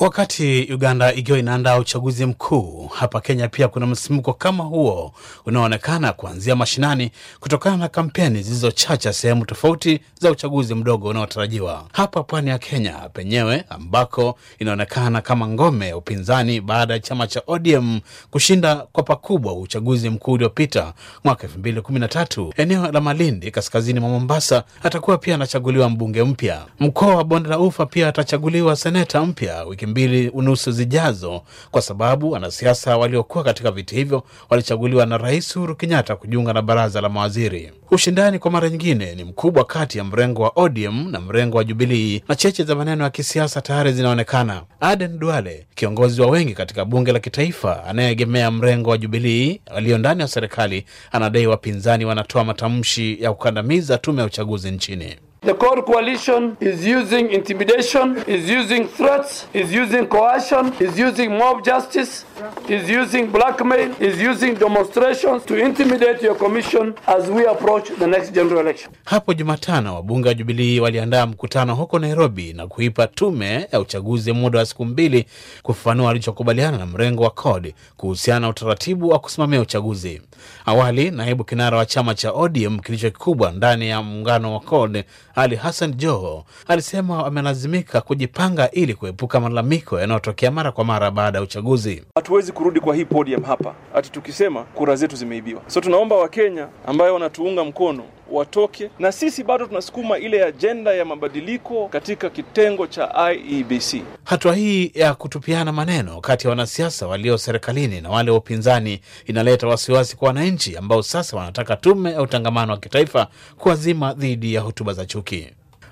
Wakati Uganda ikiwa inaandaa uchaguzi mkuu, hapa Kenya pia kuna msimuko kama huo unaoonekana kuanzia mashinani, kutokana na kampeni zilizochacha sehemu tofauti za uchaguzi mdogo unaotarajiwa hapa pwani ya Kenya penyewe, ambako inaonekana kama ngome ya upinzani baada ya chama cha ODM kushinda kwa pakubwa uchaguzi mkuu uliopita mwaka elfu mbili kumi na tatu. Eneo la Malindi kaskazini mwa Mombasa atakuwa pia anachaguliwa mbunge mpya. Mkoa wa Bonde la Ufa pia atachaguliwa seneta mpya wiki mbili unusu zijazo, kwa sababu wanasiasa waliokuwa katika viti hivyo walichaguliwa na Rais Uhuru Kenyatta kujiunga na baraza la mawaziri. Ushindani kwa mara nyingine ni mkubwa kati ya mrengo wa ODM na mrengo wa Jubilii, na cheche za maneno ya kisiasa tayari zinaonekana. Aden Duale, kiongozi wa wengi katika bunge la kitaifa anayeegemea mrengo wa Jubilii aliyo ndani ya serikali, anadai wapinzani wanatoa matamshi ya kukandamiza tume ya uchaguzi nchini. The core coalition is using intimidation, is using threats, is using coercion, is using mob justice, is using blackmail, is using demonstrations to intimidate your commission as we approach the next general election. Hapo Jumatano wabunge wa Jubilii waliandaa mkutano huko Nairobi na kuipa tume ya uchaguzi muda wa siku mbili kufafanua alichokubaliana na mrengo wa CORD kuhusiana na utaratibu wa kusimamia uchaguzi. Awali naibu kinara wa chama cha ODM kilicho kikubwa ndani ya muungano wa CORD Ali Hassan Joho alisema amelazimika kujipanga ili kuepuka malalamiko yanayotokea mara kwa mara baada ya uchaguzi hatuwezi kurudi kwa hii podium hapa ati tukisema kura zetu zimeibiwa. So tunaomba Wakenya ambayo wanatuunga mkono watoke na sisi bado tunasukuma ile ajenda ya mabadiliko katika kitengo cha IEBC. Hatua hii ya kutupiana maneno kati ya wanasiasa walio serikalini na wale wa upinzani inaleta wasiwasi kwa wananchi ambao sasa wanataka tume ya utangamano wa kitaifa kuwazima dhidi ya hotuba za chuki.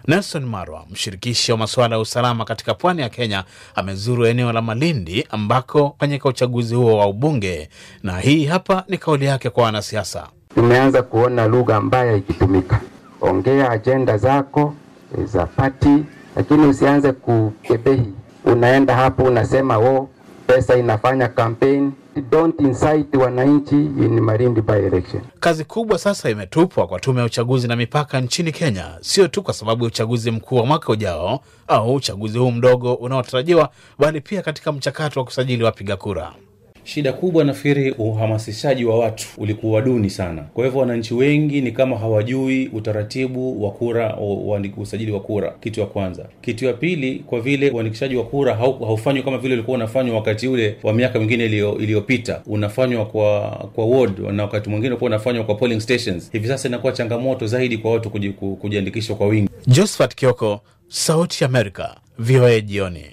Nelson Marwa, mshirikishi wa masuala ya usalama katika pwani ya Kenya, amezuru eneo la Malindi ambako fanyika uchaguzi huo wa ubunge, na hii hapa ni kauli yake kwa wanasiasa. Tumeanza kuona lugha mbaya ikitumika, ongea ajenda zako eh, za pati, lakini usianze kukebehi. Unaenda hapo unasema wo oh, pesa inafanya campaign don't incite wananchi in Malindi by election. Kazi kubwa sasa imetupwa kwa tume ya uchaguzi na mipaka nchini Kenya, sio tu kwa sababu ya uchaguzi mkuu wa mwaka ujao au uchaguzi huu mdogo unaotarajiwa, bali pia katika mchakato wa kusajili wapiga kura. Shida kubwa nafikiri uhamasishaji wa watu ulikuwa duni sana. Kwa hivyo wananchi wengi ni kama hawajui utaratibu wa kura, usajili wa kura, kitu ya kwanza. Kitu ya pili, kwa vile uandikishaji wa kura haufanywi kama vile ulikuwa unafanywa wakati ule wa miaka mingine iliyopita, unafanywa kwa kwa ward, na wakati mwingine ulikuwa unafanywa kwa polling stations. Hivi sasa inakuwa changamoto zaidi kwa watu kujiandikishwa kwa wingi. Josephat Kioko, Sauti VOA jioni.